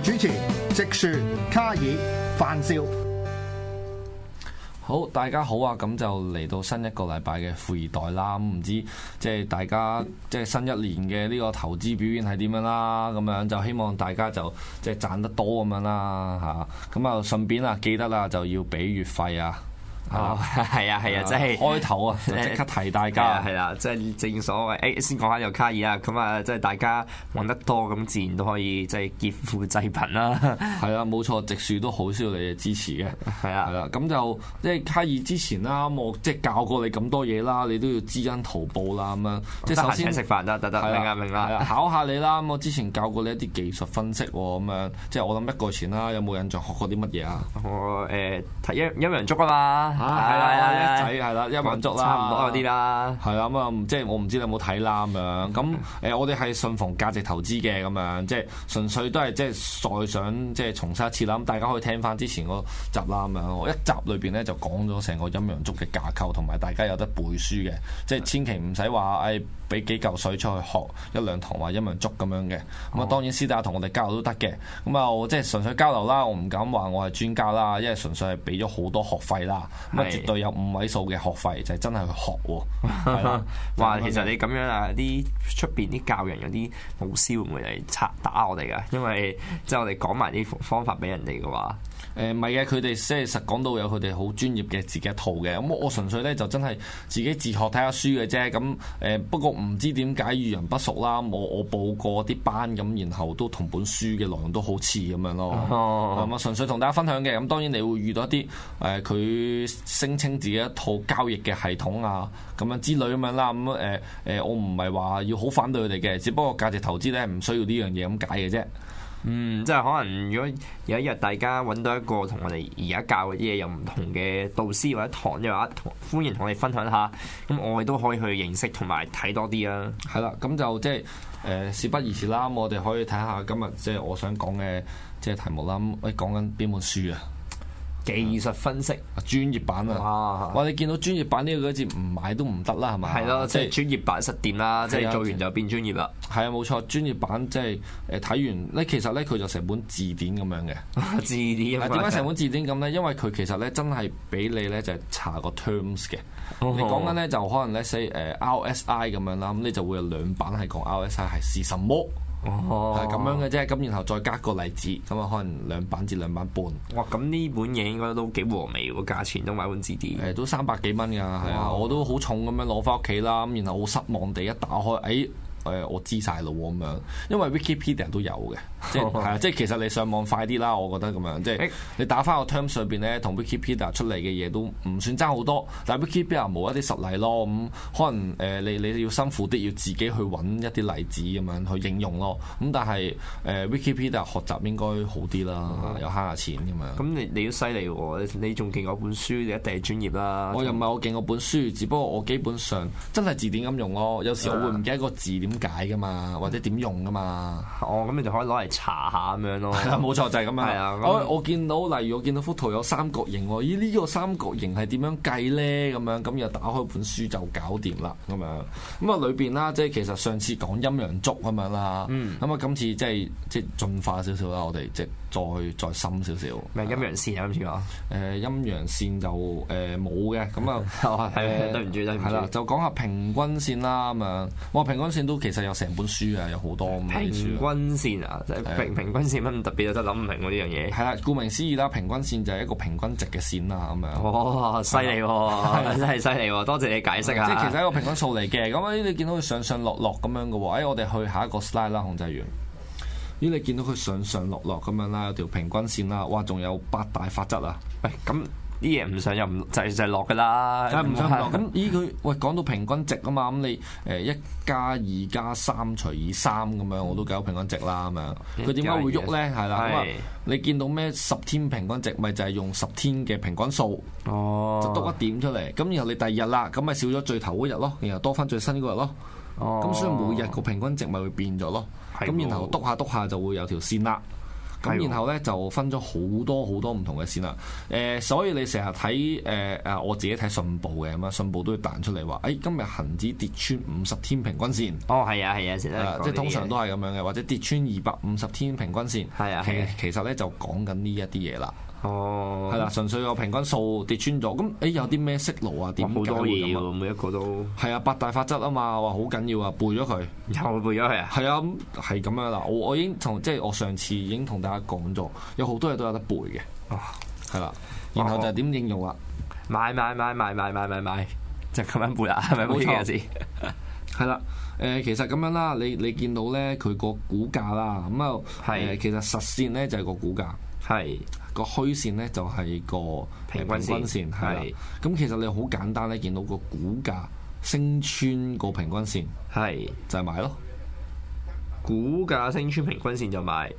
主持直樹、卡爾、范少，好，大家好啊！咁就嚟到新一個禮拜嘅富易袋啦。咁唔知即係大家即係新一年嘅呢個投資表現係點樣啦？咁樣就希望大家就即係賺得多咁樣啦嚇。咁啊，順便啊，記得啦、啊，就要俾月費啊。哦，係啊，係啊，即係開頭啊，即刻提大家。啊。係啦，即係正所謂，誒，先講下又卡爾啊，咁啊，即係大家玩得多，咁自然都可以即係劫富濟貧啦。係啊，冇錯，直樹都好需要你嘅支持嘅。係啊，咁就即係卡爾之前啦，我即係教過你咁多嘢啦，你都要知恩圖報啦咁樣。即係首先食飯啦，得得，明啦明啦。考下你啦，咁我之前教過你一啲技術分析喎，咁樣即係我諗一個月前啦，有冇印象學過啲乜嘢啊？我誒睇陰陰陽燭啊嘛～嚇係啦，一仔係啦，陰陽足啦，差唔多嗰啲啦。係啦，咁啊，即係我唔知你有冇睇啦咁樣。咁誒，我哋係信奉價值投資嘅咁樣，即係純粹都係即係再想即係重申一次啦。咁大家可以聽翻之前嗰集啦咁樣。我一集裏邊咧就講咗成個陰陽足嘅架構，同埋大家有得背書嘅。即係千祈唔使話誒，俾幾嚿水出去學一兩堂話陰陽足咁樣嘅。咁啊，當然私底下同我哋交流都得嘅。咁啊，我即係純粹交流啦，我唔敢話我係專家啦，因為純粹係俾咗好多學費啦。乜絕對有五位數嘅學費，就係、是、真係去學喎。話 哇其實你咁樣啊，啲出邊啲教人有啲老師會唔會嚟拆打我哋噶，因為即係、就是、我哋講埋啲方法俾人哋嘅話。唔係嘅，佢哋即係實講到有佢哋好專業嘅自己一套嘅，咁我純粹咧就真係自己自學睇下書嘅啫，咁誒、呃、不過唔知點解遇人不淑啦，我我報過啲班咁，然後都同本書嘅內容都好似咁樣咯，咁啊、嗯、哼純粹同大家分享嘅，咁當然你會遇到一啲誒佢聲稱自己一套交易嘅系統啊咁樣之類咁樣啦，咁誒誒我唔係話要好反對佢哋嘅，只不過價值投資咧唔需要呢樣嘢咁解嘅啫。嗯，即係可能，如果有一日大家揾到一個同我哋而家教嘅嘢有唔同嘅導師或者堂嘅話，歡迎同我哋分享下，咁我哋都可以去認識同埋睇多啲啊。係啦，咁 就即係誒，事不宜遲啦，咁我哋可以睇下今日即係我想講嘅即係題目啦。咁喂，講緊邊本書啊？技術分析專業版啊！哇，你見到專業版呢個字唔買都唔得啦，係咪？係咯，即係專業版實掂啦，即係做完就變專業啦。係啊，冇錯，專業版即係誒睇完咧，其實咧佢就成本字典咁樣嘅字典。點解成本字典咁咧？因為佢其實咧真係俾你咧就查個 terms 嘅。你講緊咧就可能咧 say 誒 RSI 咁樣啦，咁你就會有兩版係講 RSI 係是什麼。哦，係咁樣嘅啫，咁然後再加個例子，咁啊可能兩版至兩版半。哇，咁呢本嘢應該都幾和味喎，價錢都買本字典，誒、欸，都三百幾蚊㗎，係啊哇，我都好重咁樣攞翻屋企啦，咁然後好失望地一打開，誒、哎。誒、哎、我知晒咯咁樣，因為 Wikipedia 都有嘅，即係係啊，即係 其實你上網快啲啦，我覺得咁樣，即係你打翻個 term 上邊咧，同 Wikipedia 出嚟嘅嘢都唔算爭好多，但係 Wikipedia 冇一啲實例咯，咁可能誒、呃、你你要辛苦啲，要自己去揾一啲例子咁樣去應用咯，咁但係誒、呃、Wikipedia 學習應該好啲啦，又慳下錢咁樣。咁你你都犀利喎，你仲勁過本書，你一定係專業啦。我又唔係我勁過本書，只不過我基本上真係字典咁用咯，有時我會唔記，記得個字典。點解噶嘛，或者點用噶嘛？哦，咁你就可以攞嚟查下咁樣咯。 係啦，冇錯就係咁啊。我我見到例如我見到幅圖有三角形喎，咦呢個三角形係點樣計咧？咁樣咁又打開本書就搞掂啦。咁樣咁啊裏邊啦，即係其實上次講陰陽燭咁樣啦。嗯。咁啊，今次即係即係進化了少少啦，我哋即再再深少少，咩陰陽線啊？咁樣誒陰陽線就誒冇嘅，咁啊係對唔住對唔住，係啦，就講下平均線啦咁樣。哇，平均線都其實有成本書啊，有好多咁平均線啊，即係平平均線乜咁特別啊？真係諗唔明喎呢樣嘢。係啊，顧名思義啦，平均線就係一個平均值嘅線啦，咁樣。犀利喎，真係犀利喎，多謝你解釋啊。即係其實一個平均數嚟嘅，咁你見到佢上上落落咁樣嘅喎，誒，我哋去下一個 slide 啦，控制員。咦，你見到佢上上落落咁樣啦，有條平均線啦，哇，仲有八大法則啊！喂、哎，咁啲嘢唔上又唔就係就係落嘅啦，唔想落咁，咦是，佢喂講到平均值啊嘛，咁你誒一加二加三除以三咁樣，我都計到平均值啦，咁樣佢點解會喐咧？係啦是、嗯，你見到咩十天平均值咪就係、是、用十天嘅平均數哦，多、oh. 一點出嚟，咁然後你第二日啦，咁咪少咗最頭嗰日咯，然後多返最新嗰日咯。咁所以每日個平均值咪會變咗咯，咁然後督下督下就會有條線啦，咁然後咧就分咗好多好多唔同嘅線啦，誒所以你成日睇誒啊我自己睇信報嘅咁啊，信報都會彈出嚟話，誒今日恒指跌穿五十天平均線，哦係啊係啊，即係通常都係咁樣嘅，或者跌穿二百五十天平均線，係啊，其實咧就講緊呢一啲嘢啦。哦，係啦、oh.，純粹個平均數跌穿咗，咁誒、欸、有啲咩思路啊？點好多嘢、啊、每一個都係啊，八大法則啊嘛，話好緊要啊，背咗佢，又背咗佢啊？係啊，咁係咁樣啦，我我已經同即係我上次已經同大家講咗，有好多嘢都有得背嘅，係啦、oh.，然後就點應用啊？買買買買買買買，就咁樣背啦，係咪錯？冇錯， 係啦，誒，其實咁樣啦，你你見到咧，佢個股價啦，咁、嗯、啊，誒、呃，其實實線咧就係個股價，係是。個虛線咧就係個平均線係，咁的其實你好簡單咧，見到個股價升穿個平均線係的就係買咯，股價升穿平均線就買，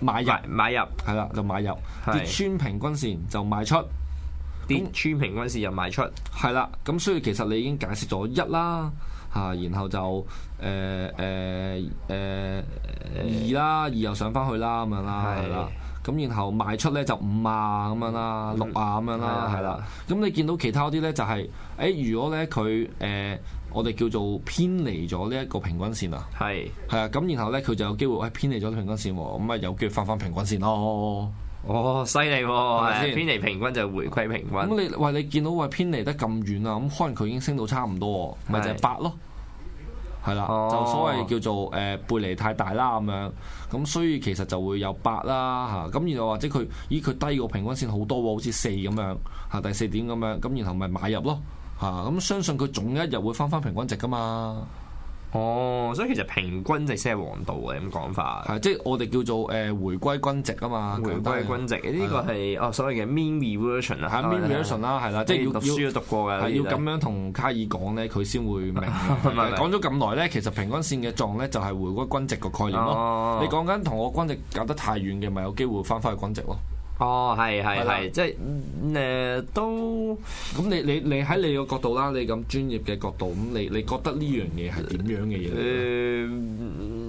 買入買入係啦就買入的跌穿平均線就賣出，跌穿平均線就賣出，係啦，咁所以其實你已經解釋咗一啦，吓然後就誒誒誒二啦，二又上翻去啦咁樣啦，係啦的。咁然後賣出咧就五萬咁樣啦，六萬咁樣啦，係啦。咁你見到其他啲咧就係、是，誒、哎、如果咧佢誒我哋叫做偏離咗呢一個平均線啊，係係啊。咁然後咧佢就有機會，喂、哎、偏離咗平均線，咁啊有機會翻翻平均線咯。哦，犀利喎，係、哦哦哦、吧偏離平均就回歸平均。咁你喂你見到喂、哎、偏離得咁遠啊，咁可能佢已經升到差唔多，咪就係八咯。的係啦，就所謂叫做誒背離太大啦咁樣，咁所以其實就會有八啦嚇，咁然後或者佢咦佢低過平均線好多喎、哦，好似四咁樣嚇，第四點咁樣，咁、啊啊、然後咪買入咯嚇，咁、啊啊、相信佢總有一日會翻翻平均值噶嘛。哦，所以其實平均值先係王道嘅咁講法，係即係我哋叫做誒回歸均值啊嘛，回歸均值呢個係哦所謂嘅 mean reversion 啊，係 mean reversion 啦，係啦，即係要讀書都讀過嘅，係要咁樣同卡爾講咧，佢先會明。講咗咁耐咧，其實平均線嘅狀咧就係回歸均值個概念咯。你講緊同我均值隔得太遠嘅，咪有機會翻返去均值咯。哦，係係係， 即係誒、呃、都咁你你你喺你個角度啦，你咁專業嘅角度，咁你你，你覺得呢樣嘢係點樣嘅嘢咧？呃、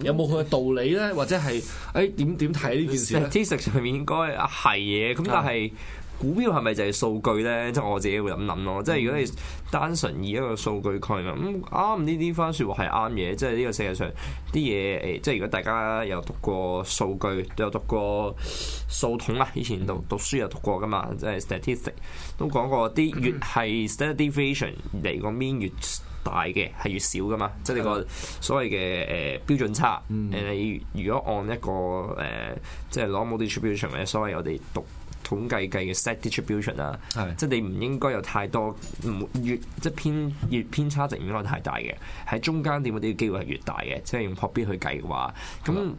有冇佢嘅道理咧？ 或者係誒點點睇呢件事呢？技術 上面應該係嘢，咁但係。 股票係咪就係數據咧？即、就、係、是、我自己會咁諗咯。即係如果你單純以一個數據概念咁啱呢啲番説話係啱嘅。即係呢個世界上啲嘢誒，即係如果大家有讀過數據，有讀過數統啊，以前讀、嗯、讀書有讀過噶嘛。即係 statistic、嗯、都講過啲越係 standard deviation 嚟個 mean 越大嘅係越，越，越少噶嘛。即係個所謂嘅誒、呃、標準差。誒、嗯，嗯、你如果按一個誒、呃，即係 normal distribution 嘅所謂我哋讀。統計計嘅 set distribution 啦的，即係你唔應該有太多，唔越即係偏越偏差值唔應該太大嘅，喺中間點嗰啲機會係越大嘅，即係用 probability 去計嘅話，咁的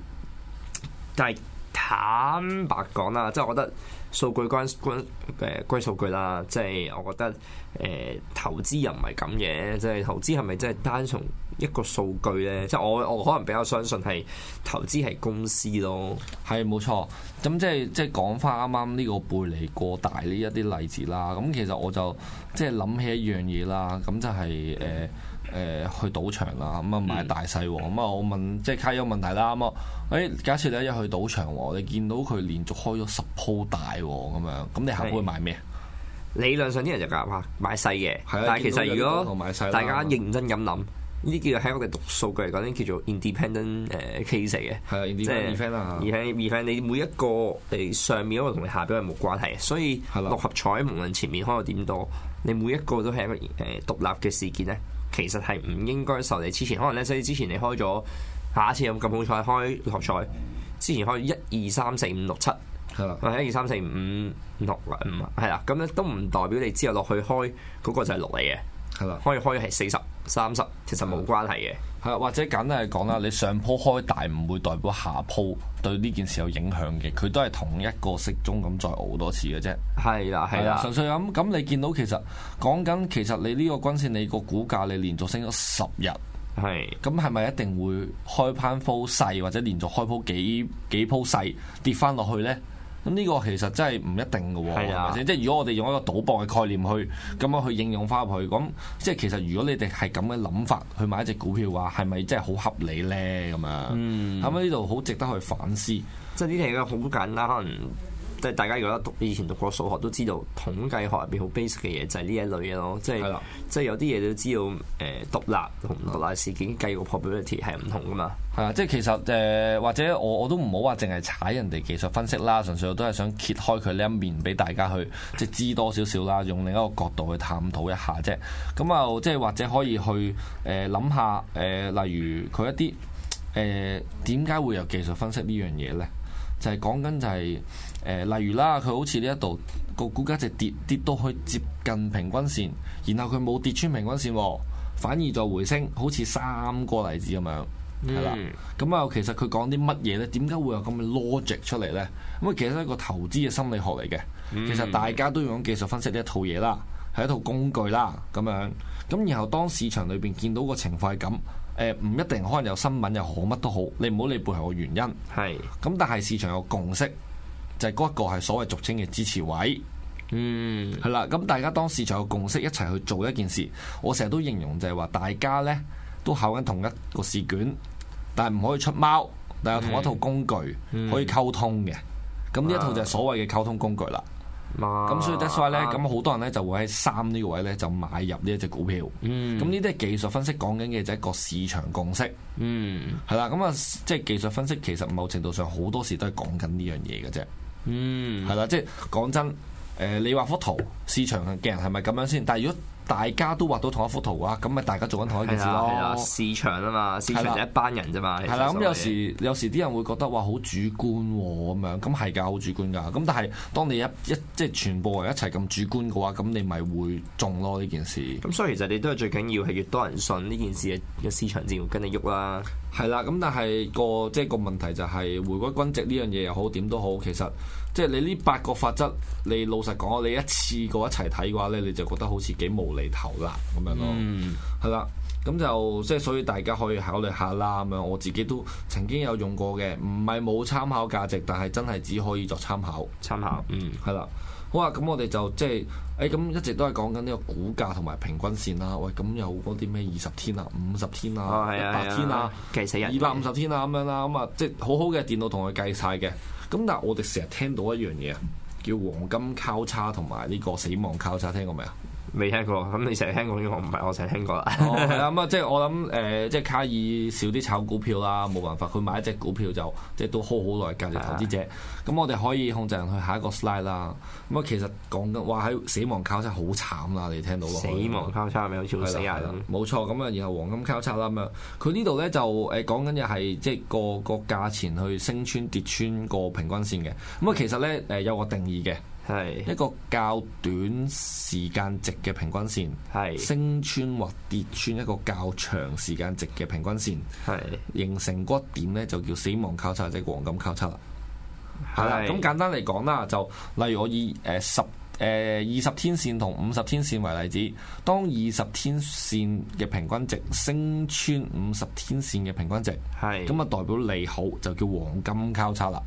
但係坦白講啦，即係我覺得數據關關嘅歸數據啦，即係我覺得誒、呃、投資又唔係咁嘅，即係投資係咪即係單純？一個數據咧，即係我我可能比較相信係投資係公司咯，係冇錯。咁即係即係講翻啱啱呢個背離過大呢一啲例子啦。咁其實我就即係諗起一樣嘢啦，咁就係誒誒去賭場啦，咁啊買大細喎。咁啊，我問即係卡爾問題啦，咁啊，誒、哎、假設你一去賭場，你見到佢連續開咗十鋪大喎，咁樣咁你下鋪買咩？理論上啲人就夾下，買細嘅，但係其實買如果大家認真咁諗。呢啲叫喺我哋讀數據嚟講，呢叫做 independent 誒 case 嚟嘅，啊、即係而且 event，你 event, 每一個誒上面嗰個同你下邊嗰個冇關係，所以六合彩是的 無論前面開到點多，你每一個都係一個誒獨立嘅事件咧，其實係唔應該受你之前可能咧，所以之前你開咗下一次有咁好彩開六合彩，之前開一二三四五六七，或者一二三四五六五係啦，咁咧都唔代表你之後落去開嗰個就係六嚟嘅。係啦，可以開係四十、三十，其實冇關係嘅。係或者簡單嚟講啦，你上鋪開大唔會代表下鋪對呢件事有影響嘅，佢都係同一個色盅咁再熬多次嘅啫。係啦係啦，純的粹咁咁，你見到其實講緊，其實你呢個均線，你個股價你連續升咗十日，係咁係咪一定會開 pen 鋪細或者連續開鋪幾幾鋪細跌翻落去呢？咁呢個其實真係唔一定嘅喎的，即係如果我哋用一個賭博嘅概念去咁樣去應用翻入去，咁即係其實如果你哋係咁嘅諗法去買一隻股票嘅話，係咪真係好合理咧？咁樣，嗯，咁喺呢度好值得去反思，即係呢啲嘢好簡單。即係大家如果讀以前讀過數學，都知道統計學入邊好 basic 嘅嘢就係呢一類嘢咯。即係即係有啲嘢都知道，誒獨立同獨立事件計個 probability 係唔同噶嘛。係啊，即係其實誒，或者我我都唔好話，淨係踩人哋技術分析啦，純粹我都係想揭開佢呢一面俾大家去即係知多少少啦，用另一個角度去探討一下啫。咁又即係或者可以去誒諗、呃、下誒、呃，例如佢一啲誒點解會有技術分析呢樣嘢咧？就係、是、講緊就係。誒，例如啦，佢好似呢一度個股價就跌跌到去接近平均線，然後佢冇跌穿平均線喎，反而再回升，好似三個例子咁樣係啦。咁啊、嗯，其實佢講啲乜嘢呢？點解會有咁嘅 logic 出嚟呢？咁啊，其實係一個投資嘅心理學嚟嘅。其實大家都用技術分析呢一套嘢啦，係一套工具啦，咁樣咁。然後當市場裏邊見到個情況係咁，誒唔一定可能有新聞又好，乜都好，你唔好理背後嘅原因係咁。是但係市場有共識。就係嗰一個係所謂俗稱嘅支持位，嗯，係啦。咁大家當市場嘅共識一齊去做一件事，我成日都形容就係話，大家呢都考緊同一個試卷，但係唔可以出貓，但係同一套工具可以溝通嘅。咁呢、嗯嗯、一套就係所謂嘅溝通工具啦。咁、啊、所以 that's why 咧，咁好多人呢就會喺三呢個位呢就買入呢一隻股票。咁呢啲係技術分析講緊嘅就係一個市場共識。嗯，係啦。咁啊，即係技術分析其實某程度上好多時都係講緊呢樣嘢嘅啫。嗯，係啦，即係講真，誒、呃，你話幅圖市場嘅人係咪咁樣先？但係如果，大家都畫到同一幅圖啊，咁咪大家做緊同一件事咯。市場啊嘛，市場就一班人啫嘛。係啦的，咁的、嗯、有時有時啲人會覺得哇好主觀喎、哦、咁樣，咁係㗎，好主觀㗎。咁但係當你一一即係、就是、全部人一齊咁主觀嘅話，咁你咪會中咯呢件事。咁所以其實你都係最緊要係越多人信呢件事嘅嘅市場先會跟你喐啦。係啦，咁但係個即係個問題就係回歸均值呢樣嘢又好點都好，其實。即係你呢八個法則，你老實講你一次過一齊睇嘅話咧，你就覺得好似幾無厘頭啦咁樣咯，嗯、係啦，咁就即係所以大家可以考慮下啦咁樣。我自己都曾經有用過嘅，唔係冇參考價值，但係真係只可以作參考。參考，嗯，係啦。好啊，咁我哋就即係，誒、欸、咁一直都係講緊呢個股價同埋平均線啦、啊。喂，咁有嗰啲咩二十天啊、五十天啊、一百、哦啊、天啊，啊，啊、其實二百五十天啊咁樣啦。咁啊，即係好好嘅電腦同佢計晒嘅。咁但係我哋成日聽到一樣嘢，叫黃金交叉同埋呢個死亡交叉，聽過未啊？未聽過，咁你成日聽過呢個、哦嗯， 我唔係，我成日聽過啦。係啊，咁啊，即係我諗，誒，即係卡爾少啲炒股票啦，冇辦法，佢買一隻股票就即係都 hold 好耐，價值投資者。咁的我哋可以控制人去下一個 slide 啦。咁啊，其實講緊話喺死亡交叉好慘啦，你聽到喎？死亡交叉係咪好似會死人？冇錯，咁啊，然後黃金交叉啦，咁啊，佢呢度咧就誒講緊嘅係即係個個價錢去升穿跌穿個平均線嘅。咁啊，其實咧誒有個定義嘅。係是一個較短時間值嘅平均線，係是升穿或跌穿一個較長時間值嘅平均線，係是形成嗰點咧就叫死亡交叉，或者黃金交叉啦。係啦是，咁簡單嚟講啦，就例如我以誒十誒二十天線同五十天線為例子，當二十天線嘅平均值升穿五十天線嘅平均值，係咁啊代表利好，就叫黃金交叉啦。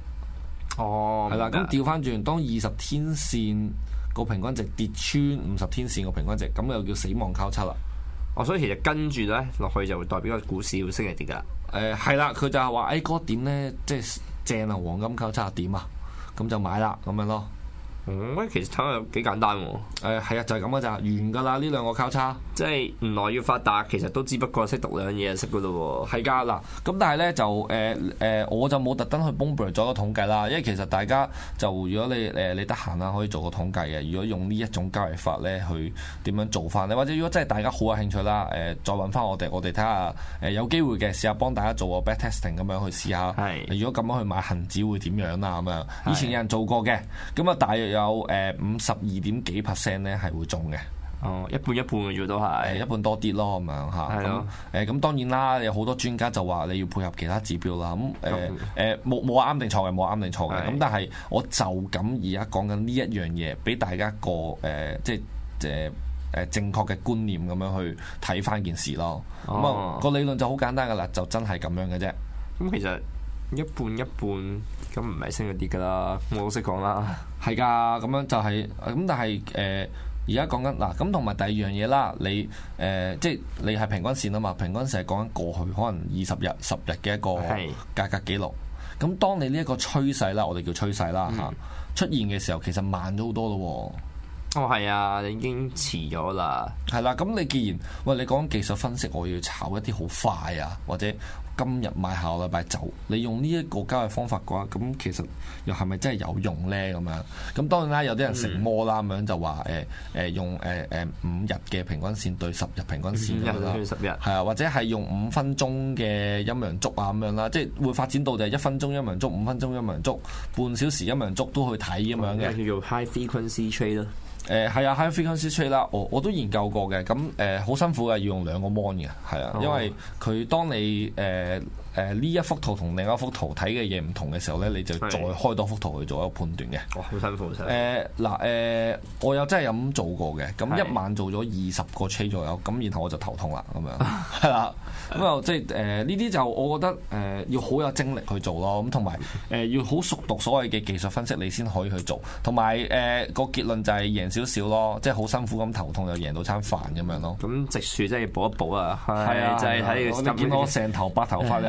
哦，係啦了，咁掉返轉，當二十天線個平均值跌穿五十天線個平均值，咁又叫死亡交叉啦。哦，所以其實跟住咧落去就會代表個股市會升定跌噶。誒、嗯，係啦，佢就係話：誒、欸，嗰、那個、點咧，即係正啊，黃金交叉點啊，咁就買啦，咁樣咯。喂，其實睇下幾簡單喎。誒、哎，係啊，就係咁噶咋，完噶啦，呢兩個交叉，即係原來要發達，其實都只不過識讀兩樣嘢就識噶咯喎。係噶，嗱，咁但係咧就誒誒、呃呃，我就冇特登去 Bloomberg 做個統計啦，因為其實大家就如果你誒、呃、你得閒啦，可以做個統計嘅。如果用呢一種交易法咧，去點樣做返你？或者如果真係大家好有興趣啦，誒、呃，再揾翻我哋，我哋睇下誒有機會嘅，試下幫大家做個 backtesting 咁樣去試下。係的。如果咁樣去買恒指會點樣啦、啊？咁樣，的以前有人做過嘅，咁啊大約。有誒五十二點幾 percent 咧，係會中嘅。哦，一半一半嘅啫，都係。一半多啲咯咁樣吓。係咯。誒的，咁、嗯嗯、當然啦，有好多專家就話你要配合其他指標啦。咁誒誒，冇冇啱定錯嘅，冇啱定錯嘅。咁的但係我就咁而家講緊呢一樣嘢，俾大家個誒、呃，即係誒誒正確嘅觀念咁樣去睇返件事咯。咁啊、哦嗯、個理論就好簡單㗎喇，就真係咁樣嘅啫。咁、嗯、其實。一半一半，咁唔係升咗啲噶啦，我老實講啦。係噶，咁樣就係、是、咁，但係誒，而家講緊嗱，咁同埋第二樣嘢啦，你誒、呃，即係你係平均線啊嘛，平均線係講緊過去可能二十日、十日嘅一個價格記錄。咁 Okay. 當你呢一個趨勢啦，我哋叫趨勢啦嚇，嗯、出現嘅時候，其實慢咗好多咯。我係、哦、啊，你已經遲咗啦。係啦，咁你既然，喂你講技術分析，我要炒一啲好快啊，或者今日買下個禮拜走。你用呢一個交易方法嘅話，咁其實又係咪真係有用呢？咁樣，咁當然啦，有啲人成魔啦，咁、嗯、樣就話誒誒用誒誒、欸呃、五日嘅平均線對十日平均線日平均十日係啊，或者係用五分鐘嘅陰陽燭啊咁樣啦，即係會發展到就係一分鐘陰陽燭、五分鐘陰陽燭、半小時陰陽燭都去睇咁、嗯、樣嘅，叫做 high frequency trade 咯。誒係啊，high frequency trade 啦，我我都研究過嘅，咁誒好辛苦嘅，要用兩個 mon 嘅，係啊，因為佢當你誒。Uh, 誒呢一幅圖同另一幅圖睇嘅嘢唔同嘅時候咧，你就再開多幅圖去做一個判斷嘅。好、哦、辛苦，好辛苦。嗱誒、欸呃，我有真係咁做過嘅，咁、嗯、是一晚做咗二十個 trade 左右，咁然後我就頭痛啦，咁樣係啦。咁又即係誒呢啲就我覺得誒、嗯、要好有精力去做咯，咁同埋誒要好熟讀所謂嘅技術分析，你先可以去做。同埋誒個結論就係贏少少咯，即係好辛苦咁頭痛又贏到餐飯咁樣咯。咁直樹真係要補一補啊！係啊的，就係睇見我成頭白頭髮。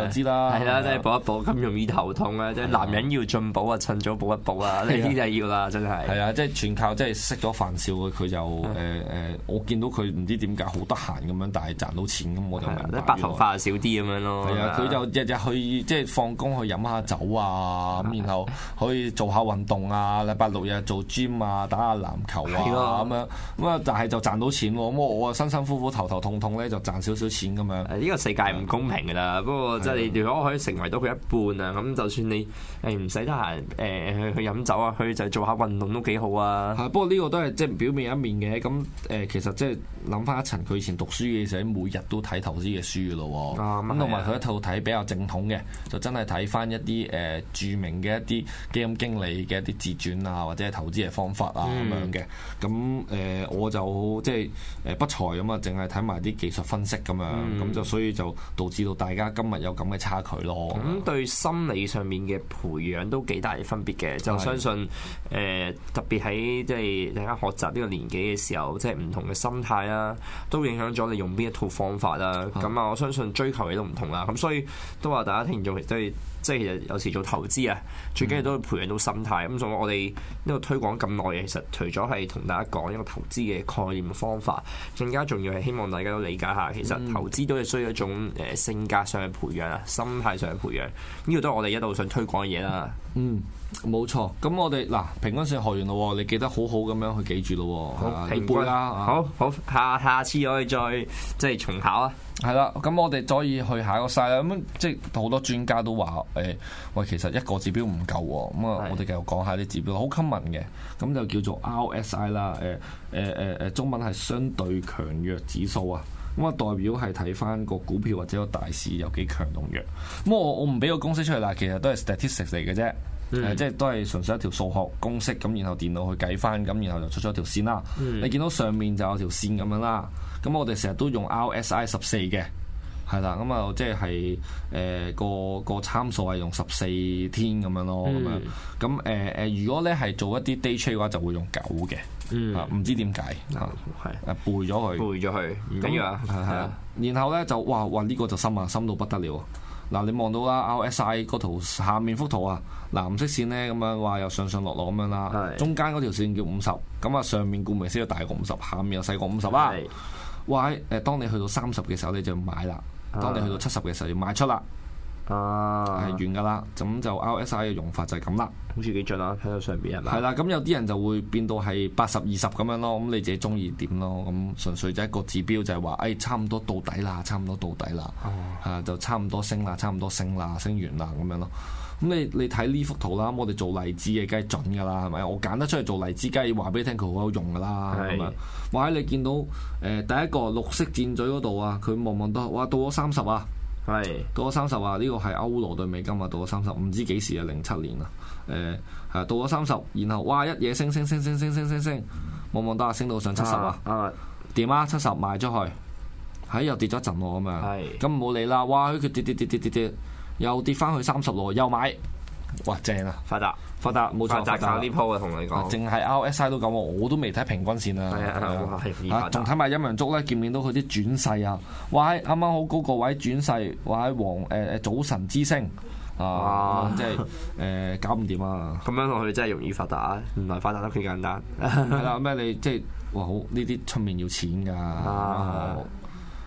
係啦，即係補一補咁容易頭痛啊！即係的男人要進補啊，趁早補一補啊！呢啲的就係要啦，真係。係啊，即、就、係、是、全靠即係、就是、識咗凡少佢就誒誒的、呃，我見到佢唔知點解好得閒咁樣，但係賺到錢，咁我就明白。就是、白頭髮少啲咁樣咯。係啊，佢就日日去即係放工去飲下酒啊，咁的然後可以做下運動啊，禮拜六日做 gym 啊，打下籃球啊咁的樣。咁啊，但係就賺到錢喎。咁我啊辛辛苦苦頭頭痛痛咧就賺少，少少錢咁樣。呢的個世界唔公平噶啦的，不過真係。如果可以成為到佢一半啊，咁就算你誒唔使得閒誒去去飲酒啊，去就做下運動都幾好啊。係，不過呢個都係即係表面一面嘅，咁誒、呃、其實即係諗翻一層，佢以前讀書嘅時候，每日都睇投資嘅書咯。啊，咁同埋佢一套睇比較正統嘅，的就真係睇翻一啲誒、呃、著名嘅一啲基金經理嘅一啲自傳啊，或者係投資嘅方法啊咁、嗯、樣嘅。咁誒、呃、我就即係誒不才咁啊，淨係睇埋啲技術分析咁樣，咁就、嗯嗯、所以就導致到大家今日有咁嘅差距咯，咁對心理上面嘅培養都幾大分別嘅，的就相信誒、呃、特別喺即係大家學習呢個年紀嘅時候，即係唔同嘅心態啦、啊，都影響咗你用邊一套方法啦。咁啊，啊我相信追求嘅都唔同啦。咁所以都話大家聽眾亦都係。即係其實有時做投資啊，最緊要都係培養到心態。咁、嗯、所以我哋呢度推廣咁耐嘅，其實除咗係同大家講一個投資嘅概念方法，更加重要係希望大家都理解下，其實投資都係需要一種誒性格上嘅培養啊，心態上嘅培養。呢個都係我哋一路想推廣嘅嘢啦。嗯，冇錯。咁我哋嗱，平均線學完咯，你記得好好咁樣去記住咯，記背啦。好好，下下次可以再即係重考啊。係啦，咁我哋可以去下考晒啦。咁即係好多專家都話，誒、欸，喂，其實一個指標唔夠。咁啊，我哋繼續講下啲指標，好 common 嘅。咁就叫做 RSI 啦、呃，誒誒誒誒，中文係相對強弱指數啊。咁啊，代表係睇翻個股票或者個大市有幾強同弱。咁我我唔俾個公式出嚟啦，其實都係 statistics 嚟嘅啫，嗯、即係都係純粹一條數學公式咁，然後電腦去計翻，咁然後就出咗條線啦。嗯、你見到上面就有條線咁樣啦。咁、嗯、我哋成日都用 RSI 十四嘅，係啦。咁啊，即係誒、呃、個個參數係用十四天咁樣咯。咁、嗯、樣咁誒誒，如果咧係做一啲 day trade 嘅話，就會用九嘅。嗯，唔知點解，係、嗯、背咗佢，背咗佢，咁樣、嗯，係係、啊，嗯嗯、然後咧就，哇哇呢、呢個就深啊，深到不得了，嗱、啊、你望到啦 RSI 個圖下面幅圖啊，藍色線咧咁樣，話又上上落落咁樣啦，是中間嗰條線叫五十、嗯，咁啊上面顧名先要大過五十，下面又細過五十是啊，哇，誒當你去到三十嘅時候你就買啦，當你去到七十嘅時候要賣出啦。啊，係完噶啦，咁就 R S I 嘅用法就係咁啦。好似幾準啊，睇到上邊係嘛？係啦，咁有啲人就會變到係八十二十咁樣咯。咁你自己中意點咯？咁純粹就一個指標就係話，誒、哎，差唔多到底啦，差唔多到底啦，哦、啊，就差唔多升啦，差唔多升啦，升完啦咁樣咯。咁你你睇呢幅圖啦，我哋做例子嘅，梗係準噶啦，係咪？我揀得出嚟做例子梗係話俾你聽佢好有用噶啦。係是，哇！你見到誒、呃，第一個綠色箭嘴嗰度啊，佢望望到，哇，到咗三十啊！係，到咗三十啊！呢個係歐羅對美金啊，到咗三十，唔知幾時啊？零七年啊，誒係到咗三十，然後哇一嘢升升升升升升升升，望望都係升到上七十啊，點啊？七十賣出去，喺、哎、又跌咗一陣喎咁樣，咁冇是理啦。哇！佢跌跌跌跌跌跌，又跌翻去三十來，又買！哇！正啊，發達發達冇錯，發達搞呢鋪啊，同你講，淨係 R S I 都咁喎，我都未睇平均線啊。係啊對，係啊了，仲睇埋陰陽燭咧，見唔見到佢啲轉勢啊？話喺啱啱好高個位轉勢，話喺黃誒誒早晨之星啊，呃、哇即係誒、呃、搞唔掂啊！咁樣落去真係容易發達，原來發達得幾簡單係啦。咩 你即係哇？好呢啲出面要錢㗎，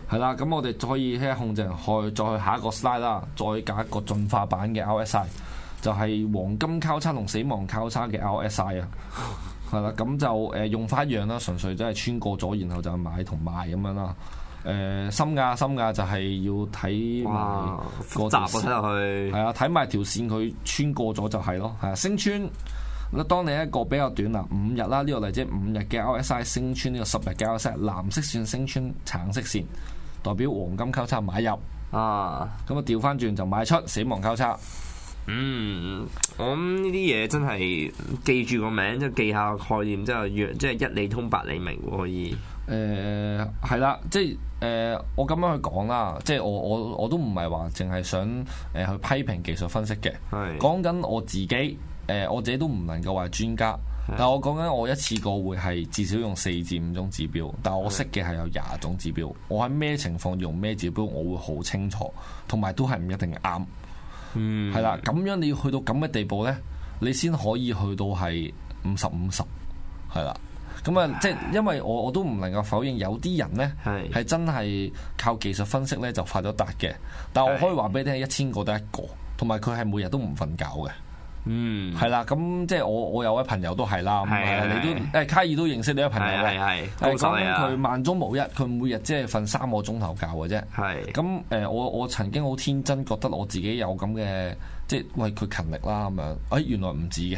係啦、啊。咁了我哋可以喺控制人去再去下一個 slide 啦，再搞一個進化版嘅 R S I。就係黃金交叉同死亡交叉嘅 R S I 啊，係、嗯、啦，咁就誒用翻一樣啦，純粹即係穿過咗，然後就買同賣咁樣啦。誒、嗯、深噶深噶哇，就係要睇埋個線，睇落去係啊，睇埋條線佢穿過咗就係、是、咯。係啊，升穿咁當你一個比較短啦，五日啦，呢個例子五日嘅 R S I 升穿呢個十日嘅 R S I，藍色線升穿橙色線，代表黃金交叉買入啊。咁啊、嗯，調翻轉就買出死亡交叉。嗯，我諗呢啲嘢真係記住個名，即係記下概念，即係即係一理通百理明，可以。誒、呃，係啦，即係誒、呃，我咁樣去講啦，即係我我我都唔係話淨係想誒、呃、去批評技術分析嘅。係講緊我自己，誒、呃，我自己都唔能夠話專家，的但係我講緊我一次過會係至少用四至五種指標，但我識嘅係有廿種指標，的我喺咩情況用咩指標，我會好清楚，同埋都係唔一定啱。 嗯，係啦，咁 樣你要去到咁嘅地步呢，你先可以去到係五十五十，係啦，咁啊，即係因為我我都唔能夠否認有啲人呢係係真係靠技術分析呢就發咗達嘅，但係我可以話俾你聽，一千個得一個，同埋佢係每日都唔瞓覺嘅。嗯，係啦，咁即係我我有位朋友都係啦，係啊的，你都，誒的，卡爾都認識你個朋友嘅，係啊係，佢講緊佢萬中無一，佢每日即係瞓三個鐘頭覺嘅啫，係的，咁誒，我我曾經好天真覺得我自己有咁嘅，即係喂佢勤力啦咁樣，哎原來唔止嘅，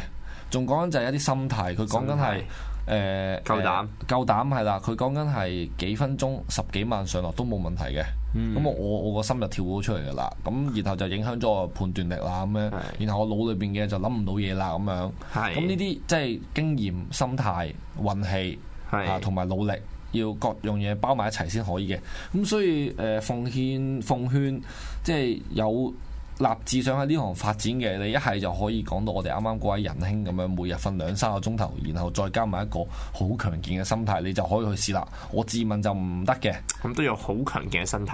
仲講緊就係一啲心態，佢講緊係。誒、呃、夠膽夠膽係啦，佢講緊係幾分鐘十幾萬上落都冇問題嘅。咁、嗯、我我我個心就跳咗出嚟㗎喇。咁然後就影響咗我判斷力啦，咁是樣然後我腦裏邊嘅就諗唔到嘢啦，咁樣咁呢啲即係經驗、心態、運氣是啊，同埋努力要各樣嘢包埋一齊先可以嘅。咁所以誒、呃、奉獻、奉勸奉勸即係有。立志想喺呢行發展嘅，你一係就可以講到我哋啱啱嗰位仁兄咁樣，每日瞓兩三個鐘頭，然後再加埋一個好強健嘅心態，你就可以去試啦。我自問就唔得嘅，咁、嗯、都有好強健嘅身體。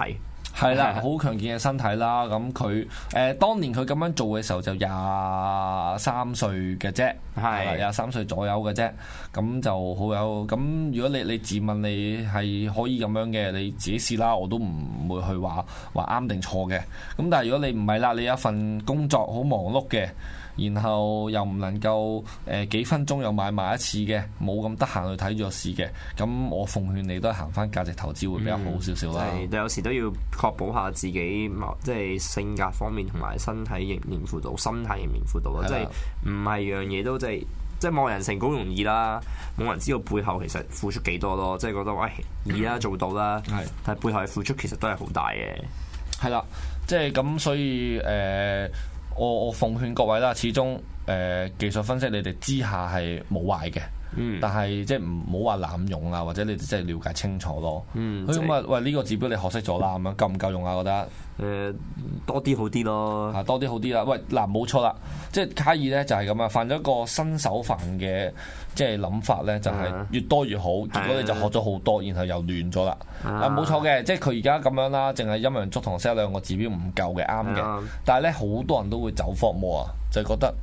係啦，好強健嘅身體啦，咁佢誒當年佢咁樣做嘅時候就廿三歲嘅啫，係廿三歲左右嘅啫，咁就好有，咁如果你你自問你係可以咁樣嘅，你自己試啦，我都唔會去話話啱定錯嘅，咁但係如果你唔係啦，你有一份工作好忙碌嘅。然後又唔能夠誒幾分鐘又買埋一次嘅，冇咁得閒去睇咗市嘅，咁我奉勸你都係行翻價值投資會比較好少少啦、嗯。即、就是、有時都要確保下自己，即係性格方面同埋身體應唔應付到，心態應唔應付到啊，即係唔係樣嘢都即係即係望人成功容易啦，冇人知道背後其實付出幾多咯，即係覺得喂而家做到啦，但係背後嘅付出其實都係好大嘅。係啦，即係咁，所以誒。呃我我奉勸各位啦，始終誒、呃、技術分析你哋知下係冇壞嘅。嗯，但係即係唔好話濫用啊，或者你即係瞭解清楚咯。嗯，咁、就、啊、是、喂，呢、這個指標你學識咗啦，咁樣夠唔夠用啊？我覺得誒、呃、多啲好啲咯，啊、多啲好啲啦。喂，嗱、啊、冇錯啦，即係卡爾咧就係咁啊，犯咗個新手犯嘅即係諗法咧，就係、是、越多越好。結、啊、果你就學咗好多，啊、然後又亂咗啦。啊，冇、啊、錯嘅，即係佢而家咁樣啦，淨係陰陽燭同息兩個指標唔夠嘅，啱嘅。但係咧好多人都會走貨冇啊，就係、是、覺得。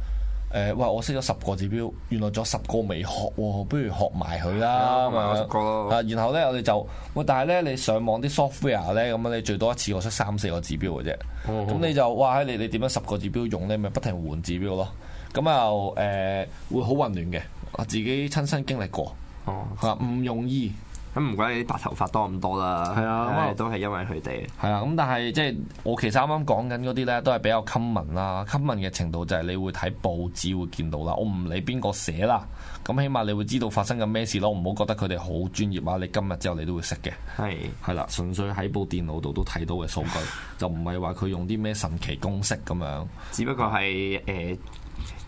誒，哇、呃！我識咗十個指標，原來仲有十個未學，哦、不如學埋佢啦。啊，是然後咧我哋就，哇！但係咧你上網啲 software 咧，咁啊你最多一次過出三四個指標嘅啫。咁、嗯嗯嗯、你就哇，你你點樣十個指標用咧，咪不停換指標咯？咁又誒，會好混亂嘅。我自己親身經歷過，吓唔、嗯、容易。咁唔怪你白頭髮多咁多啦，係啊，都係因為佢哋。係啊，咁但係即係我其實啱啱講緊嗰啲咧，都係比較 common 啦，common 嘅程度就係你會睇報紙會見到啦。我唔理邊個寫啦，咁起碼你會知道發生緊咩事咯。唔好覺得佢哋好專業啊！你今日之後你都會識嘅。係係啦，純粹喺部電腦度都睇到嘅數據， 就唔係話佢用啲咩神奇公式咁樣。只不過係誒。呃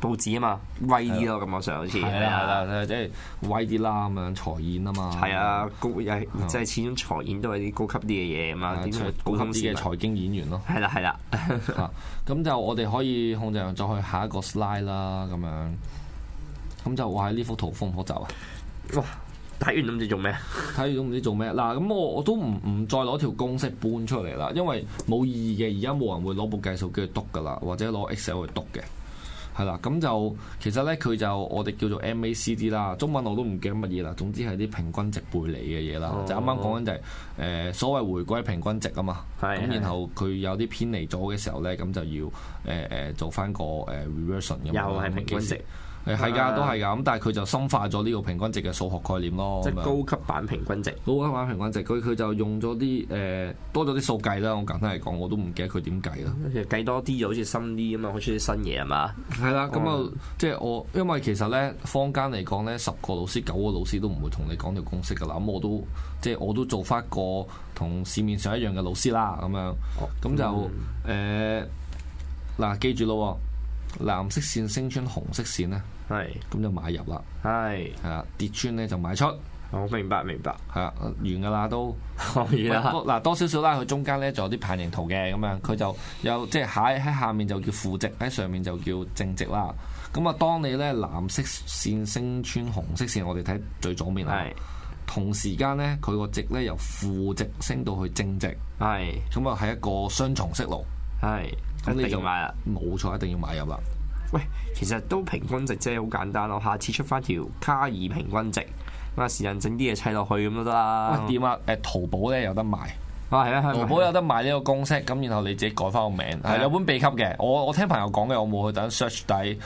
報紙啊嘛，威啲咯，咁我上次好似係啦，即係威啲啦咁樣財演啊嘛，係啊了樣高即係了始終財演都係啲高級啲嘅嘢啊嘛，了高級啲嘅財經演員咯，係啦，係啦，咁就我哋可以控制人再去下一個 slide 啦，咁樣咁就我喺呢幅圖封好走啊，哇睇、呃、完諗住做咩，睇完都唔知做咩嗱，咁、啊、我我都唔唔再攞條公式搬出嚟啦，因為冇意義嘅，而家冇人會攞部計數機去讀噶啦，或者攞 Excel 去讀嘅。係啦，咁就 其實咧，佢就我哋叫做 MACD 啦，中文我都唔記得乜嘢啦，總之係啲平均值背離嘅嘢啦。就啱啱講緊就係誒所謂回歸平均值啊嘛，咁、哦、然後佢有啲偏離咗嘅時候咧，咁就要誒誒做翻個誒 reversion 咁樣。又係平均值。誒係噶，都係噶，咁但係佢就深化咗呢個平均值嘅數學概念咯。即係高級版平均值。高級版平均值，佢佢就用咗啲誒多咗啲數計啦。我簡單嚟講，我都唔記得佢點計啦。計多啲就好似深啲啊嘛，好似啲新嘢啊嘛。係啦，咁啊，即係我，哦、因為其實咧，坊間嚟講咧，十個老師九個老師都唔會同你講條公式噶啦。咁我都即係、就是、我都做返個同市面上一樣嘅老師啦。咁樣，咁就誒嗱、哦嗯呃，記住咯。藍色線升穿紅色線呢係咁是就買入啦。係係啊，跌穿咧就賣出。我明白明白。係啊，完噶啦都。可以啊。嗱，多少少啦，佢中間咧就有啲棒形圖嘅咁樣，佢就有即係喺喺下面就叫負值，喺上面就叫正值啦。咁啊，當你咧藍色線升穿紅色線，我哋睇最左面啦。是同時間咧，佢個值咧由負值升到去正值。係咁啊，係一個雙重色路。係。咁你就買啦，冇錯，一定要買入啦。喂，其實都平均值啫，好簡單咯。我下次出翻條卡爾平均值，咁啊，時間整啲嘢砌落去咁都得啦。喂，點啊？誒，淘寶咧有得賣啊，係啊，淘寶有得賣呢、啊啊啊、個公式。咁、啊啊、然後你自己改翻個名，係、啊啊、有本秘笈嘅。我我聽朋友講嘅，我冇去等 search，底。係誒、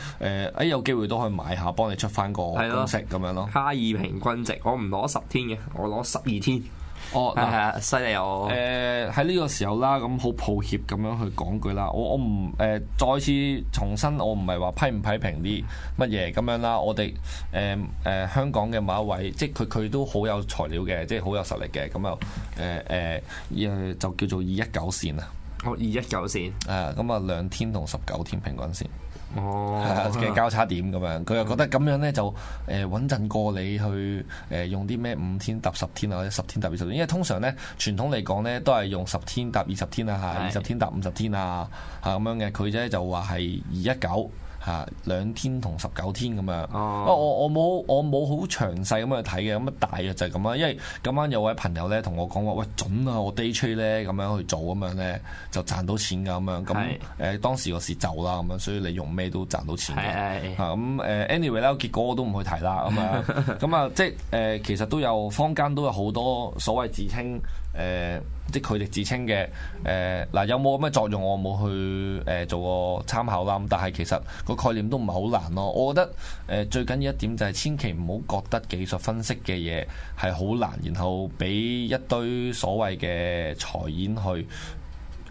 呃，有機會都可以買下，幫你出翻個公式咁、啊、樣咯。卡爾平均值，我唔攞十天嘅，我攞十二天。 哦，係、oh，啊，犀利哦！誒，喺呢個時候啦，咁好抱歉咁樣去講句啦，我我唔誒，再次重申，我唔係話批唔批評啲乜嘢咁樣啦，我哋誒誒香港嘅某一位，即係佢佢都好有材料嘅，即係好有實力嘅，咁就誒誒誒，就叫做二一九線啊！哦，二一九線，誒咁啊，兩天同十九天平均線。 哦，嘅交叉點咁樣，佢又覺得咁樣呢，就誒、呃、穩陣過你去誒、呃、用啲咩五天搭十天啊，或者十天搭二十天，因為通常呢，傳統嚟講呢，都係用十天搭二十天啊，吓二十天搭五十天啊，吓咁樣嘅，佢呢就話係二一九。啊，兩天同十九天咁樣、oh.，我我冇我冇好詳細咁去睇嘅，咁啊大約就係咁啦。因為咁啱有位朋友咧同我講話，喂準啊，我 day trade 咧咁樣去做咁樣咧就賺到錢嘅咁樣。咁誒是、呃、當時個事就啦咁樣，所以你用咩都賺到錢嘅。是是啊咁誒，anyway 咧，結果我都唔去提啦。咁啊咁啊，即係誒、呃，其實都有坊間都有好多所謂自稱。誒、呃，即係佢哋自稱嘅誒，嗱、呃、有冇咁嘅作用？我冇去誒、呃、做個參考啦。咁但係其實個概念都唔係好難咯。我覺得誒、呃、最緊要一點就係千祈唔好覺得技術分析嘅嘢係好難，然後俾一堆所謂嘅財演去。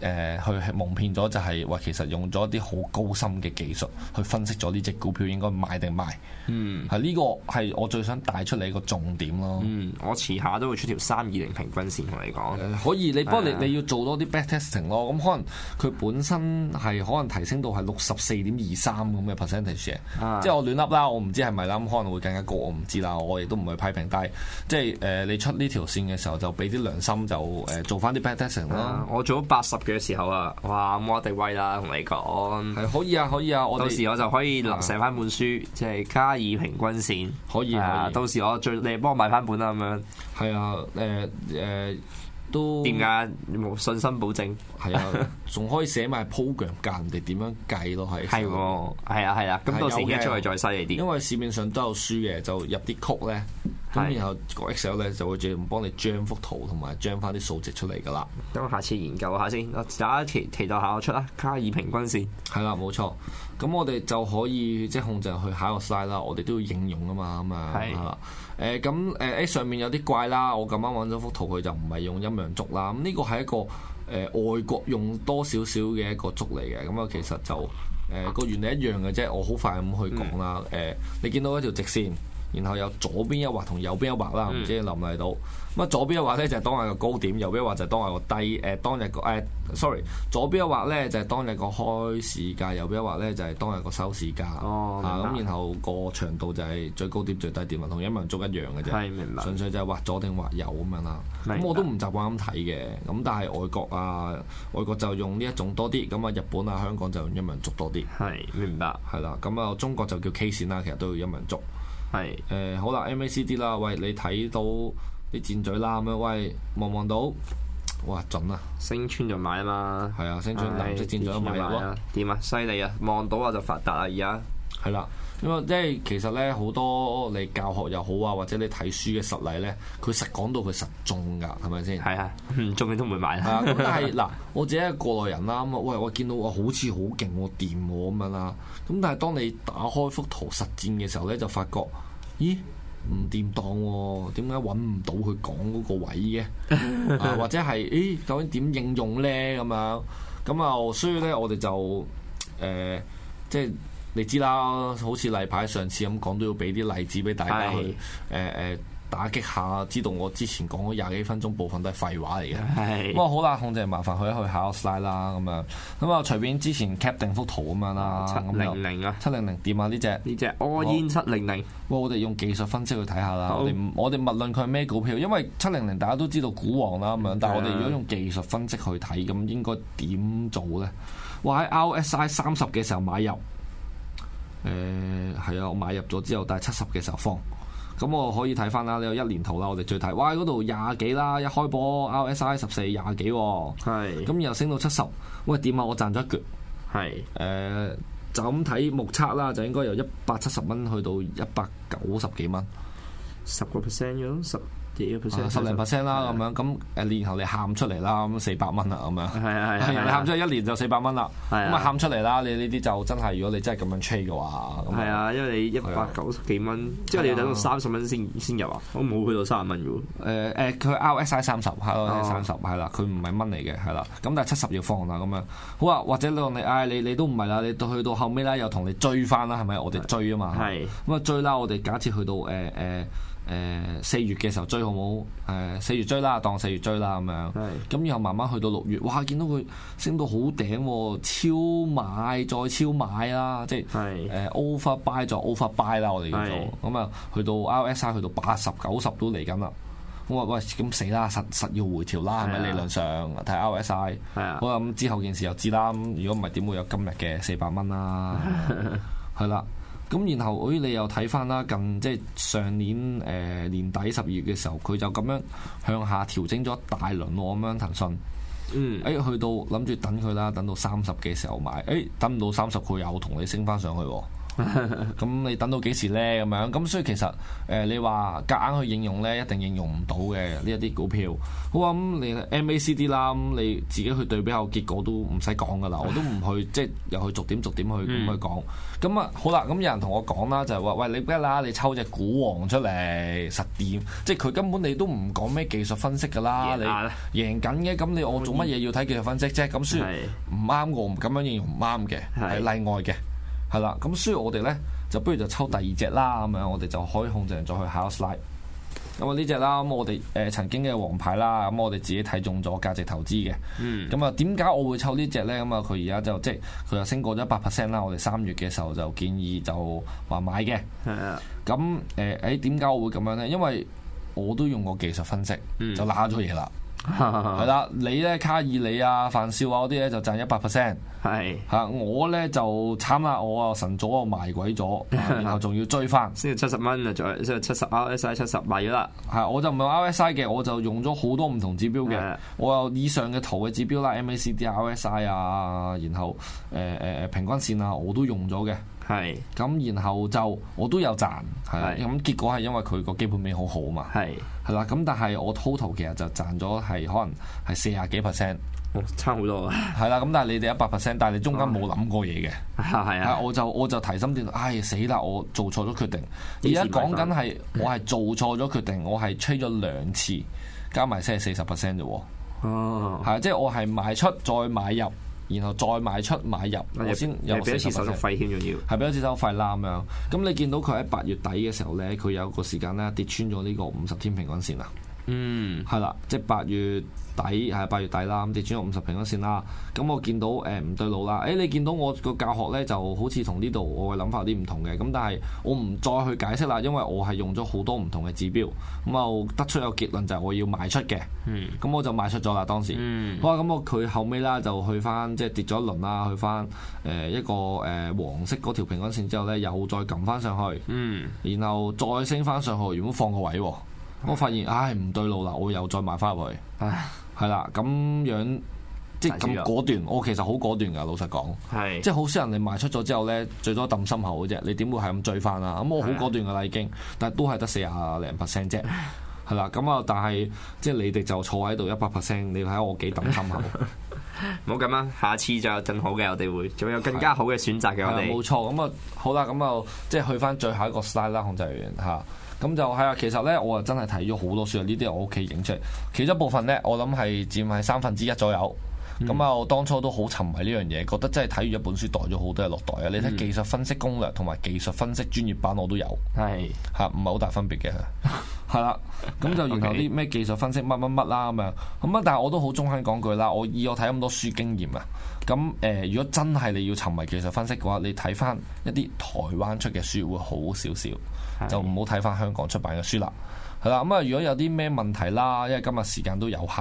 誒、呃、去蒙騙咗就係、是、話，其實用咗一啲好高深嘅技術去分析咗呢隻股票應該買定賣。嗯，係呢個係我最想帶出嚟一個重點咯。嗯，我遲下都會出條三二零平均線同你講、呃。可以，你不過你你要做多啲 backtesting 咯。咁、嗯啊、可能佢本身係可能提升到係六十四點二三咁嘅 percentage，嘅，per age，啊、即係我亂噏啦，我唔知係咪啦。咁可能會更加高我，我唔知啦。我亦都唔去批評，但係即係誒、呃、你出呢條線嘅時候就，就俾啲良心就誒做翻啲 backtesting 咯。我做咗八十。嘅時候啊，哇，冇乜地位啦，同、啊、你講係可以啊，可以啊，我到時我就可以能寫翻本書，即係、啊、加以平均線可以啊，以到時我最你幫我買翻本啦咁樣，係啊，誒、呃、誒、呃、都點解冇信心保證？係啊，仲可以寫埋 program 教人哋點樣計咯，係係喎，啊，係啊，咁、啊、到時出去一出嚟再犀利啲，因為市面上都有書嘅，就入啲 code 咧。咁然後個 Excel 咧就會直接幫你將幅圖同埋將翻啲數值出嚟噶啦。等我下次研究下先。我大家期期待下我出啦。卡爾平均線。係啦，冇錯。咁我哋就可以即係控制去下個 size 啦。我哋都要應用啊嘛，咁啊係。誒，咁誒 A 上面有啲怪啦。我咁啱揾咗幅圖，佢就唔係用陰陽燭啦。咁呢個係一個誒外國用多少少嘅一個燭嚟嘅。咁啊，其實就誒個、呃、原理一樣嘅啫。我好快咁去講啦。誒、嗯呃，你見到一條直線？然後有左邊一畫同右邊一畫啦，唔知林嚟到。咁啊。左邊一畫咧就係當日個高點，右邊一畫就係當日個低。誒，當日個誒，sorry，左邊一畫咧就係當日個開市價，右邊一畫咧就係當日個收市價。哦，咁、啊、然後個長度就係最高點最低點啊，同陰陽柱一樣嘅啫，係，明白。純粹就係畫左定畫右咁樣啦。咁我都唔習慣咁睇嘅，咁但係外國啊，外國就用呢一種多啲，咁啊，日本啊、香港就用陰陽柱多啲。係，明白。係啦，咁啊，中國就叫 K 線啦，其實都要陰陽柱。係，誒是、呃、好啦，MACD 啦，喂，你睇到啲箭嘴啦咁樣，喂望望到，哇準啊，升穿就買啊嘛，係啊，升穿藍色箭嘴都買啦，點啊，犀利啊，望到啊，到就發達啊而家。係啦。因啊，即係其實咧，好多你教學又好啊，或者你睇書嘅實例咧，佢實講到佢實中噶，係咪先？係 啊，中嘅都唔會買啦。咁但係嗱，我自己係過來人啦。咁、嗯、啊，喂，我見到好我好似好勁喎，掂喎咁樣啦。咁但係當你打開幅圖實戰嘅時候咧，就發覺，咦，唔掂當喎、啊？點解揾唔到佢講嗰個位嘅、 啊？或者係，誒，究竟點應用咧？咁樣咁啊，所以咧，我哋就誒，即係。你知啦，好似例牌上次咁講，都要俾啲例子俾大家去誒誒打擊下，知道我之前講嗰廿幾分鐘部分都係廢話嚟嘅。不過是、嗯，好啦，控制，麻煩佢去，去下個 slide, s i z e 啦。咁樣咁啊，隨便之前 cap 定幅圖咁樣啦。七零零啊，七零零點啊，呢隻呢隻 all in 七零零。哇、啊，我哋用技術分析去睇下啦好。我哋我哋勿論佢係咩股票，因為七零零大家都知道股王啦。咁樣，嗯、但係我哋如果用技術分析去睇，咁應該點做咧？話，喺 R S I 三十嘅時候買入。誒係啊，我買入咗之後，但係七十嘅時候放，咁、嗯、我可以睇翻啦。你有一年圖啦，我哋再睇，哇！嗰度廿幾啦，一開波 RSI 十四廿幾，係、哦，咁又是的、嗯、升到七十。喂，點啊？我賺咗一橛。係是的、嗯，誒就咁睇，目測啦，就應該由一百七十蚊去到一百九十幾蚊，十個 percent 樣十。十零 percent 啦，咁樣咁誒，然後你喊出嚟啦，咁四百蚊啦，咁樣係啊係啊，你喊出咗一年就四百蚊啦，咁啊喊出嚟啦，你呢啲就真係，如果你真係咁樣 trade 嘅話，係啊，因為你一百九十幾蚊，即係你要等到三十蚊先先入啊，我冇去到三十蚊嘅喎，誒誒，佢 RSI 三十，RSI 三十，係啦，佢唔係蚊嚟嘅，係啦，咁但係七十要放啦，咁樣好啊，或者你話你，唉，你都唔係啦，你到去到後尾啦，又同你追翻啦，係咪？我哋追啊嘛，係，咁啊追啦，我哋假設去到誒誒。誒四、呃、月嘅時候追好冇？誒、呃、四月追啦，當四月追啦咁樣。咁是的 然後慢慢去到六月，哇！見到佢升到好頂、啊，超買再超買啦、啊，即係誒是的、呃、overbuy 再 overbuy 啦，我哋叫做。咁啊是的、嗯，去到 RSI 去到八十九十都嚟緊啦。我、嗯、話喂，咁死啦，實實要回調啦，係咪是的 理論上？睇 RSI 是的。係、嗯、啊。我話咁之後件事又知啦。咁如果唔係點會有今日嘅四百蚊啦？係啦。咁然後，哎，你又睇翻啦，近即係上年誒、呃、年底十二月嘅時候，佢就咁樣向下調整咗一大輪喎，咁樣騰訊。嗯。誒，去到諗住等佢啦，等到三十嘅時候買。誒、哎，等唔到三十，佢又同你升翻上去。咁 你等到幾時呢？咁樣咁，所以其實誒、呃，你話夾硬，硬去應用呢，一定應用唔到嘅呢一啲股票。好啊，你 MACD 啦，你自己去對比下結果都唔使講噶啦， 我都唔去即係又去逐點逐點去咁、嗯、去講。咁啊，好啦，咁有人同我講啦，就係、是、話喂，你唔得啦，你抽隻股王出嚟實掂，即係佢根本你都唔講咩技術分析噶啦，贏了你贏緊嘅，咁你我做乜嘢要睇技術分析啫？咁所以唔啱，我唔咁樣應用唔啱嘅，係例是 是 外嘅。係啦，咁所以我哋咧就不如就抽第二隻啦，咁樣我哋就可以控制人再去下一 slide。咁啊呢隻啦，咁我哋誒曾經嘅王牌啦，咁我哋自己睇中咗價值投資嘅。嗯。咁啊，點解我會抽呢隻咧？咁啊，佢而家就即係佢又升過咗一百 percent 啦。我哋三月嘅時候就建議就話買嘅。係啊的。咁誒誒，點解我會咁樣咧？因為我都用過技術分析，嗯、就拉咗嘢啦。係啦， 你咧卡爾里啊、凡少啊嗰啲咧就賺一百 percent。係嚇， 我咧就慘啦，我啊晨早咗，我賣鬼咗、啊，然後仲要追翻，先至七十蚊啊，即係七十 RSI 七十米啦。係，我就唔係 RSI 嘅，我就用咗好多唔同指標嘅， 我有以上嘅圖嘅指標啦，MACD、RSI 啊，然後誒誒誒平均線啊，我都用咗嘅。係，咁然後就我都有賺，係咁的結果係因為佢個基本面好好嘛，係係啦，咁但係我 total 其實就賺咗係可能係四十幾 percent，哦、差好多，係啦，咁 但係你哋一百 percent，但係你中間冇諗過嘢嘅？係啊， 我就我就提心吊膽，唉死啦，我做錯咗決定，而家講緊係我係做錯咗決定，我係吹咗兩次，加埋先係四十 percent 啫，係、哦、即係我係賣出再買入。然後再賣出買入，啊、我先有俾一次手續費仲要，係俾一次手續費啦，咁樣。咁你見到佢喺八月底嘅時候咧，佢有個時間咧跌穿咗呢個五十天平均線啦。嗯，係啦，即係八月底，係八月底啦，咁跌穿咗五十平均線啦。咁我見到誒唔對路啦，誒、欸、你見到我個教學咧就好似同呢度我嘅諗法有啲唔同嘅，咁但係我唔再去解釋啦，因為我係用咗好多唔同嘅指標，咁啊得出一個結論就係我要賣出嘅。嗯，咁我就賣出咗啦，當時。嗯，好，咁我佢後尾啦就去翻，即係跌咗一輪啦，去翻誒一個誒黃色嗰條平均線之後咧，又再撳翻上去。嗯，然後再升翻上去，原本放個位喎。我發現唉唔對路啦，我又再買翻入去，係啦，咁樣即係咁果斷。我其實好果斷噶，老實講，是即係好少人你賣出咗之後咧，最多抌心口嘅啫。你點會係咁追翻啊？咁我好果斷噶啦已經，但係都係得四廿零 percent 啫，係啦。咁啊， 但係即係你哋就坐喺度一百 percent，你睇下我幾抌心口。唔好咁啦，下次就有更好嘅，我哋會，仲有更加好嘅選擇嘅，是我哋冇錯。咁啊，好啦，咁啊，即係去翻最後一個 style 啦，控制員吓。咁就係啊！其實呢，我啊真係睇咗好多書啊！呢啲我屋企影出嚟，其中一部分呢，我諗係佔係三分之一左右。咁啊，我當初都好沉迷呢樣嘢，覺得真係睇完一本書袋咗好多嘢落袋啊！你睇技術分析攻略同埋技術分析專業版，我都有，係 嚇，唔係好大分別嘅。 係啦，咁就然後啲咩技術分析乜乜乜啦咁樣，咁 啊樂、 嗯嗯、但係我都好中肯講句啦，我以我睇咁多書經驗啊，咁誒、呃、如果真係你要沉迷技術分析嘅話，你睇翻一啲台灣出嘅書會好少少，就唔好睇翻香港出版嘅書啦。對 係啦，咁啊，如果有啲咩問題啦，因為今日時間都有限，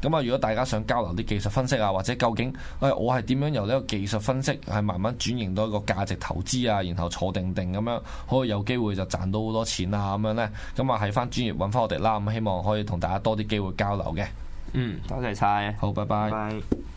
咁啊，如果大家想交流啲技術分析啊，或者究竟誒我係點樣由呢個技術分析係慢慢轉型到一個價值投資啊，然後坐定定咁樣可以有機會就賺到好多錢啊咁樣呢，咁啊喺翻專業揾翻我哋啦，咁希望可以同大家多啲機會交流嘅。嗯，多謝晒！好，拜拜。拜拜。